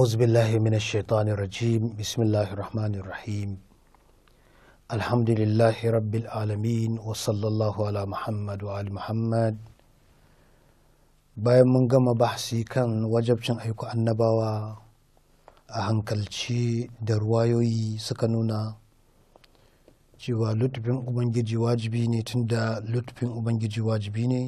أعوذ بالله من الشيطان الرجيم بسم الله الرحمن الرحيم الحمد لله رب العالمين وصلى الله على محمد وعلى محمد bayan mun gama bahsi kan wajabcin aiko annabawa a hankalci da ruwayoyi suka nuna cewa lutfin ubangiji wajibi ne tunda lutfin ubangiji wajibi ne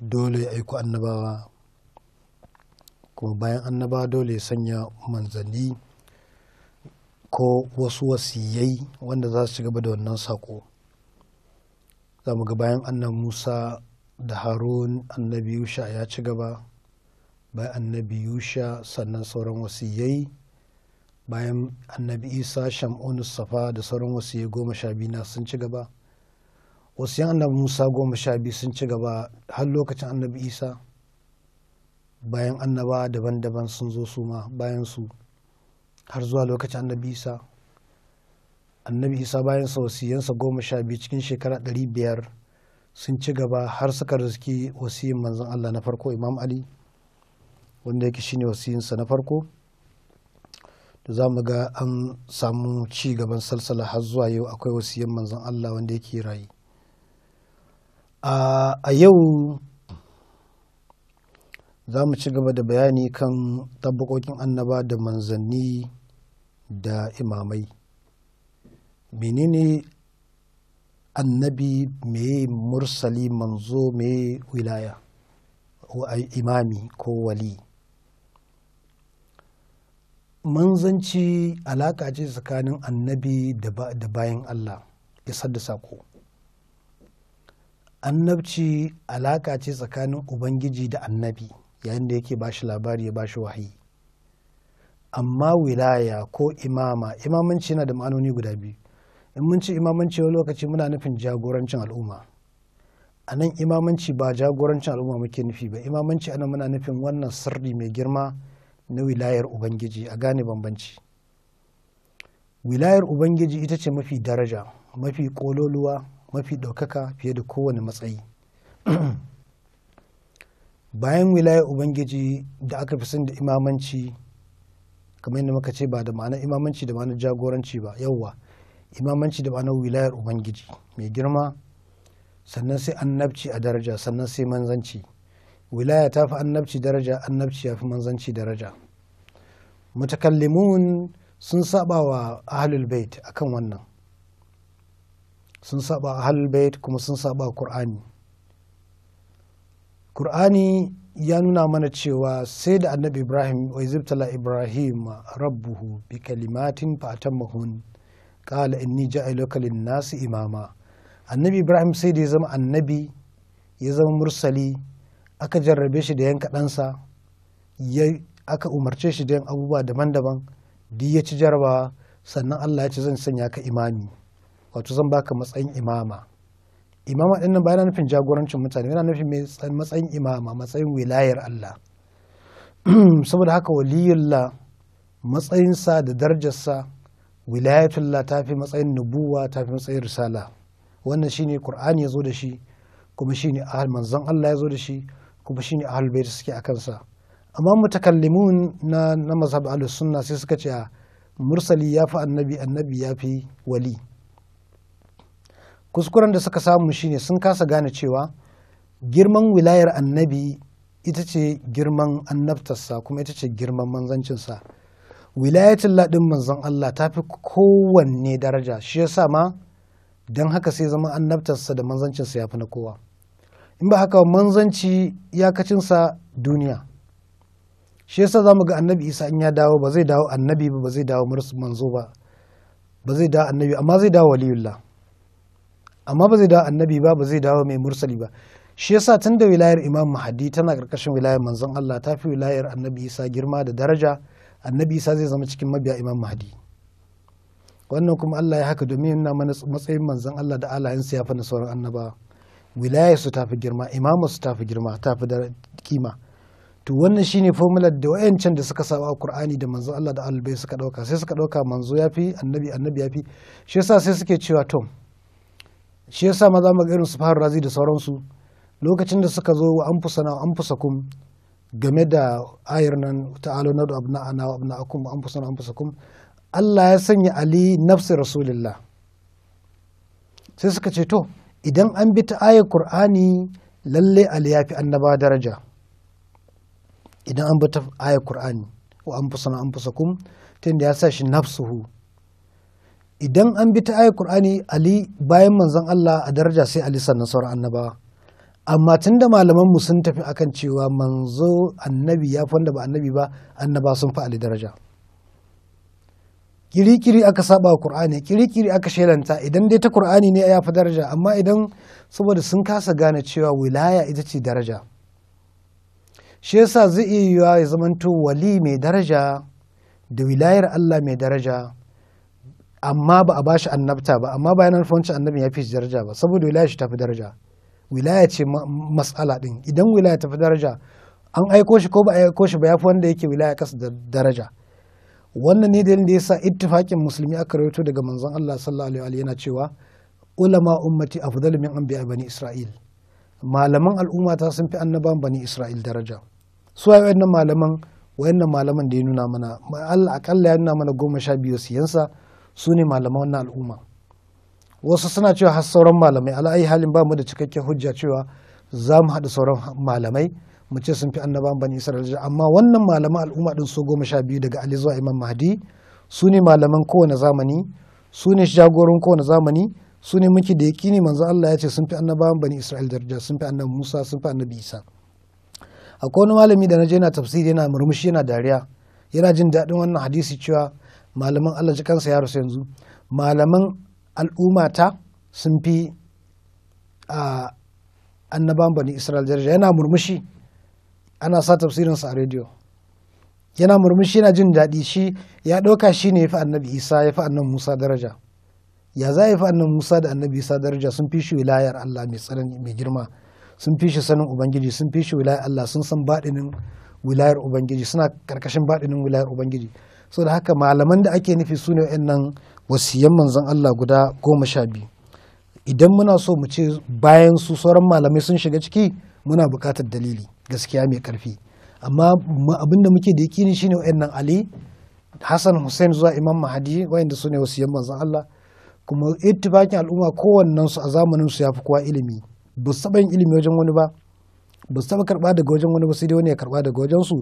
dole aiko annabawa kuma bayan annaba dole sanya manzanni ko wasu wasiyai wanda za su ci gaba da wannan sako za mu ga bayan annan musa da harun annabi yusha ya ci gaba bayan annabi yusha sannan sauran wasiyai bayan annabi isa shamunu safa da sauran wasiyai goma sha na sun ci gaba wasu yan annabi musa goma sha sun ci gaba har lokacin annabi isa bayan annaba daban-daban sun zo su ma bayan su har zuwa lokacin annabi isa annabi isa bayan sa wasiyansa goma sha biyu cikin shekara ɗari biyar sun ci gaba har suka riski wasiyin manzon allah na farko imam ali wanda yake shine wasiyinsa na farko da za mu ga an samu ci gaban salsala har zuwa yau akwai wasiyin manzon allah wanda yake rayu a yau za mu ci gaba da bayani kan tabbakokin annaba da manzanni da imamai menene annabi mai mursali manzo mai wilaya imami ko wali manzanci alaka ce tsakanin annabi da bayan allah isar da sako annabci alaka ce tsakanin ubangiji da annabi yayin da yake bashi labari ya bashi wahayi amma wilaya ko imama imamanci yana da ma'anoni guda biyu in mun ci imamanci wani lokaci muna nufin jagorancin al'umma a nan imamanci ba jagorancin al'umma muke nufi ba imamanci ana muna nufin wannan sirri mai girma na wilayar ubangiji a gane bambanci wilayar ubangiji ita ce mafi daraja mafi kololuwa mafi ɗaukaka fiye da kowane matsayi bayan wilaya ubangiji da aka fi da imamanci kamar yadda muka ce ba da ma'anar imamanci da ma'anar jagoranci ba yauwa imamanci da ma'anar wilayar ubangiji mai girma sannan sai annabci a daraja sannan sai manzanci wilaya ta fi annabci daraja annabci ya fi manzanci daraja mutakallimun sun saba wa ahlul bait akan wannan sun saba ahlul bait kuma sun saba qur'ani Kur'ani ya nuna mana cewa sai da annabi Ibrahim wa izibtala Ibrahim rabbuhu bi kalimatin kala qala inni ja'iluka lin-nasi imama annabi Ibrahim sai da ya zama annabi ya zama mursali aka jarrabe shi da yanka ɗansa aka umarce shi da yin abubuwa daban-daban duk ya ci jarabawa sannan Allah ya ce zan sanya ka imami wato zan baka matsayin imama imama ɗin nan ba yana nufin jagorancin mutane yana nufin matsayin imama matsayin wilayar Allah saboda haka waliyullah matsayinsa da darajarsa wilayatullah ta fi matsayin nubuwa ta fi matsayin risala wannan shine qur'ani ya zo da shi kuma shine ahal manzon Allah ya zo da shi kuma shine ahal bai suke a kansa amma mutakallimun na na mazhab sunna sai suka ce mursali yafi annabi annabi yafi wali kuskuren da suka samu shine sun kasa gane cewa girman wilayar annabi ita ce girman annabtarsa kuma ita ce girman manzancinsa wilayatin laɗin manzan Allah ta fi kowanne daraja shi ya sa ma don haka sai zama annabtarsa da manzancinsa ya fi na kowa in ba haka manzanci iyakacinsa duniya shi ya sa za ga annabi isa in ya dawo ba zai dawo annabi ba ba zai dawo manzo ba ba zai dawo annabi amma zai dawo waliyullah amma ba zai dawo annabi ba ba zai dawo mai mursali ba shi yasa tun da wilayar imam mahadi tana karkashin wilayar manzon Allah ta fi wilayar annabi isa girma da daraja annabi isa zai zama cikin mabiya imam mahadi wannan kuma Allah ya haka domin yana mana matsayin manzon Allah da alayensa ya fi na sauran annaba wilayar su tafi girma imamu su tafi girma tafi da kima to wannan shine formular da wayancan da suka saba Qur'ani da manzon Allah da albai suka dauka sai suka dauka manzo yafi annabi annabi yafi shi yasa sai suke cewa tom shi yasa maza mu irin su fahar razi da sauransu lokacin da suka zo an fusa na an fusa kum game da ayar nan ta alo na da abna ana abna akum an fusa na an fusa kum Allah ya sanya ali nafsi rasulillah sai suka ce to idan an bi ta ayar qur'ani lalle ali ya fi annaba daraja idan an bi ta ayar qur'ani wa an fusa na an fusa kum tunda ya sa shi nafsuhu idan an bi ta ayi Kur'ani, Ali bayan manzon Allah a daraja sai Ali sannan sauran annabawa amma tun da malaman mu sun tafi akan cewa manzo annabi ya fi ba annabi ba annaba sun fi Ali daraja kirikiri aka saba wa Qur'ani kirikiri aka shelanta idan dai ta Kur'ani ne ya fi daraja amma idan saboda sun kasa gane cewa wilaya ita ce daraja shi yasa zai iya yiwuwa ya zamanto wali mai daraja da wilayar Allah mai daraja amma ba a ba shi annabta ba amma bayan an wancan annabin ya fi shi daraja ba saboda wilaya shi tafi daraja wilaya ce matsala din idan wilaya tafi daraja an aiko shi ko ba a aiko shi ba ya fi wanda yake wilaya kasa da daraja wannan ne dalilin da ya sa ittifakin musulmi aka rawaito daga manzon Allah sallallahu alaihi wa yana cewa ulama ummati afdalu min anbiya bani isra'il malaman al'umma ta sun fi annaban bani isra'il daraja su waye wayannan malaman wayannan malaman da ya nuna mana Allah akalla ya nuna mana goma sha biyu siyansa su ne malaman wannan al'umma wasu suna cewa har sauran malamai ala'ayi halin ba mu da cikakken hujja cewa za mu haɗa sauran malamai mu ce sun fi annabawan bani isra'ila amma wannan malaman al'umma ɗin su goma sha biyu daga ali zuwa imam mahdi su ne malaman kowane zamani su ne jagoran kowane zamani su ne muke da yaƙini manzo Allah ya ce sun fi annabawan bani isra'il darja sun fi annabi musa sun fi annabi isa akwai wani malami da na je na tafsiri yana murmushi yana dariya yana jin daɗin wannan hadisi cewa malaman Allah kansa ya rasu yanzu malaman al'ummata sun fi a annaban bani israel daraja yana murmushi ana sa tafsirinsa a rediyo yana murmushi yana jin daɗi shi ya ɗauka shi ne ya fi annabi Isa ya fi annabi Musa daraja ya za ya fi annabi Musa da annabi Isa daraja sun fi shi wilayar Allah mai tsanani mai girma sun fi shi sanin Ubangiji sun fi shi wilayar Allah sun san baɗinin wilayar Ubangiji suna karkashin baɗinin wilayar Ubangiji so da haka malaman da ake nufi su ne wa'annan wasiyan manzon Allah guda goma sha biyu idan muna so mu ce bayan su sauran malamai sun shiga ciki muna buƙatar dalili gaskiya mai ƙarfi amma abin da muke da kini shine wa'annan Ali Hassan Hussein zuwa Imam Mahadi wayanda su ne wasiyan manzon Allah kuma ittifakin al'umma kowannen su a zamanin su ya fi kowa ilimi ba su taɓa yin ilimi wajen wani ba ba su taɓa karɓa daga wajen wani ba sai dai wani ya karɓa daga wajen su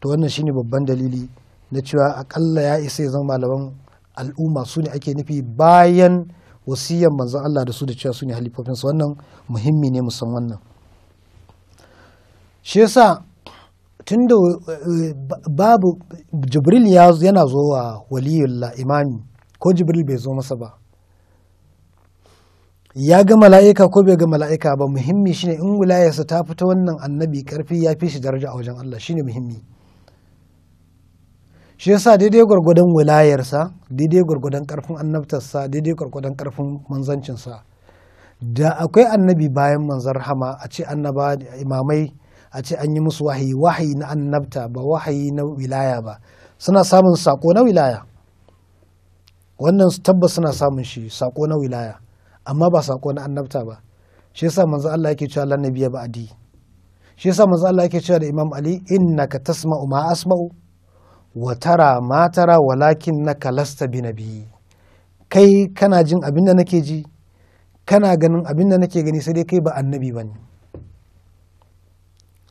to wannan shine babban dalili na cewa akalla ya isa ya zama malaman al'umma su ne ake nufi bayan wasiyan manzon Allah da su da cewa su ne halifofinsu wannan muhimmi ne musamman wannan shi yasa da eh, babu jibril yana zo wa waliyullah imami ko jibril bai zo masa ba ya ga mala'ika ko bai ga mala'ika ba muhimmi shine in wilayarsa ta fita wannan annabi karfi ya fi shi daraja a wajen Allah shine muhimmi shi yasa daidai gwargwadon wilayarsa daidai gwargwadon karfin annabtarsa daidai gwargwadon karfin manzancinsa da akwai annabi bayan manzan rahama a ce annaba imamai a ce an yi musu wahayi wahayi na annabta ba wahayi na wilaya ba suna samun sako na wilaya wannan tabbas suna samun shi sako na wilaya amma ba sako na annabta ba shi yasa manzan Allah yake cewa lan ba adi shi yasa manzan Allah yake cewa da Imam Ali innaka tasma'u ma asma'u watara matara walakin na kalasta bi na biyi kai kana jin abin da nake ji kana ganin abin da nake gani sai dai kai ba annabi ba ne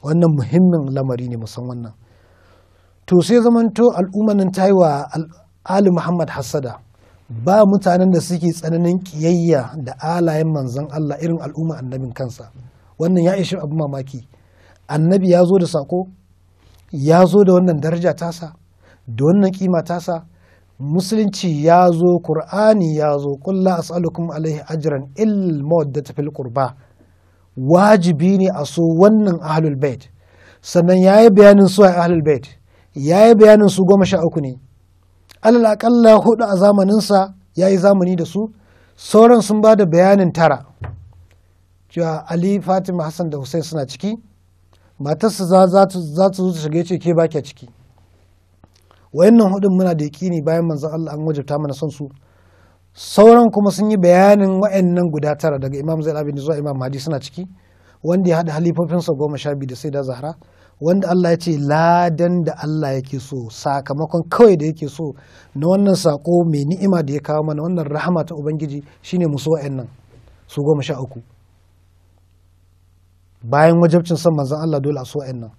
wannan muhimmin lamari ne musan wannan to sai zamanto al'ummanin ta yi wa ali muhammad hassada ba mutanen da suke tsananin kiyayya da alayen manzan allah irin al'umma annabin kansa wannan ya ishi abin mamaki annabi ya zo da sako ya zo da wannan daraja tasa da wannan kima tasa musulunci ya zo kur'ani ya zo kulla as'alukum alaihi ajran il mawaddata fil qurba wajibi ne a so wannan ahlul bait sannan yayi bayanin su a ahlul bait yayi bayanin su goma sha uku ne alal akalla hudu a zamaninsa yi zamani da su sauran sun ba da bayanin tara cewa ali fatima hassan da hussein suna ciki matarsa za ta zo ta shige ce ke ba ciki wayannan hudun muna da yakini bayan manzon Allah an wajabta mana son su sauran kuma sun yi bayanin wayannan guda tara daga Imam Zaid bin zuwa Imam Mahdi suna ciki wanda ya hada sa goma sha biyu da sai da Zahra wanda Allah ya ce ladan da Allah yake so sakamakon kawai da yake so na wannan sako mai ni'ima da ya kawo mana wannan rahama ta ubangiji shine mu so wayannan su goma sha uku bayan wajabcin son manzon Allah dole a so wayannan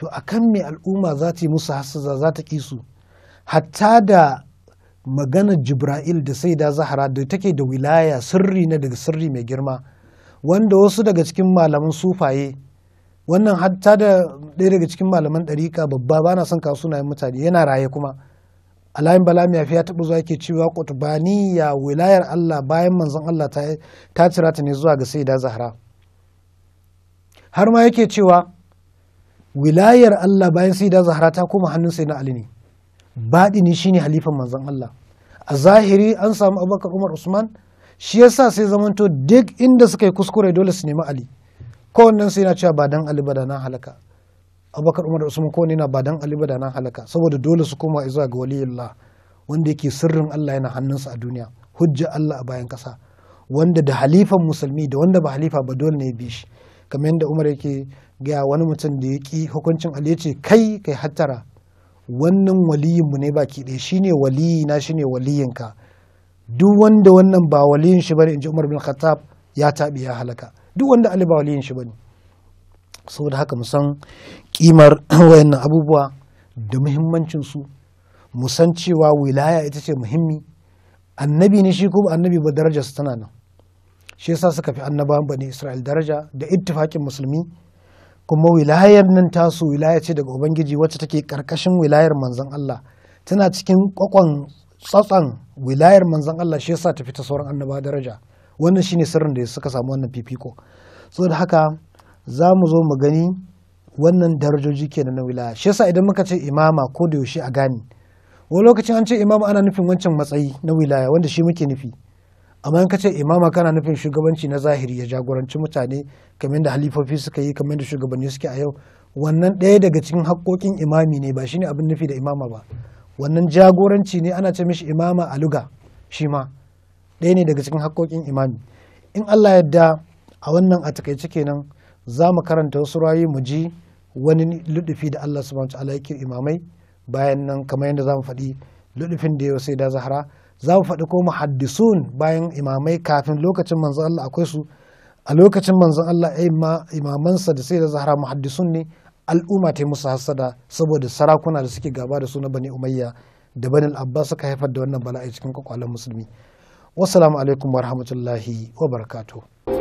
to a kan me al'umma za ta yi musu hasaza za ta ƙi su hatta da magana jibra'il da sai da zahara da take da wilaya sirri na daga sirri mai girma wanda wasu daga cikin malaman sufaye wannan hatta da ɗaya daga cikin malaman ɗariƙa babba ba na son kawo mutane yana raye kuma alayin bala mai ya taɓa zuwa yake cewa ya wilayar allah bayan manzon allah ta cira ta ne zuwa ga sai da zahara har ma yake cewa wilayar Allah bayan sai da zahara ta koma hannun sai na Ali ne baɗi shi shine halifan manzon Allah a zahiri an samu abubakar umar usman shi yasa sai zamanto duk inda suka yi kuskure dole su nemi ali kowannen sai na cewa ba dan ali ba da na halaka abubakar umar usman kowanne na ba dan ali ba da nan halaka saboda dole su koma zuwa ga waliyullah wanda yake sirrin Allah yana hannunsa a duniya hujja Allah a bayan kasa wanda da halifan musulmi da wanda ba halifa ba dole ne bi shi kamar yadda umar yake gaya wani mutum da ya ki hukuncin ali ce kai kai hattara wannan waliyinmu ne baki ɗaya shine waliyi na shine waliyinka duk wanda wannan ba waliyin shi bane in ji umar bin khattab ya taɓi ya halaka duk wanda ali ba waliyin shi bane saboda haka mu san kimar wayannan abubuwa da muhimmancin su mu san cewa wilaya ita ce muhimmi annabi ne shi kuma annabi ba darajarsa tana nan shi yasa suka fi annaba bani isra'il daraja da ittifakin musulmi kuma wilayar nan tasu wilaya ce daga ubangiji wacce take karkashin wilayar manzon Allah tana cikin kwakwan tsatsan wilayar manzon Allah shi yasa ta ta sauran annaba daraja wannan shine sirrin da suka samu wannan fifiko so da haka za mu zo mu gani wannan darajoji kenan na wilaya shi yasa idan muka ce imama ko da yaushe a gane wani lokacin an ce imama ana nufin wancan matsayi na wilaya wanda shi muke nufi amma in ka ce imama kana nufin shugabanci na zahiri ya jagoranci mutane kamar da halifofi suka yi kamar da shugabanni suke a yau wannan ɗaya daga cikin haƙoƙin imami ne ba shine abin nufi da imama ba wannan jagoranci ne ana ce mishi imama a luga shi ma ɗaya ne daga cikin haƙoƙin imami in allah yadda a wannan a takaice kenan za mu karanta wasu rayu mu ji wani ludufi da allah subhanahu wa ta'ala yake imamai bayan nan kamar yadda za mu faɗi ludufin da yau sai da zahara za mu faɗi ko muhaddisun bayan imamai kafin lokacin manzon Allah akwai su a lokacin manzon Allah eh, imamansa da sai da zahara muhaddisun ne al'umma ta musu hassada saboda sarakuna da suke gaba da su na bani umayya da bani abbas suka haifar da wannan bala'i cikin kwakwalen musulmi wassalamu alaikum warahmatullahi wabarakatuh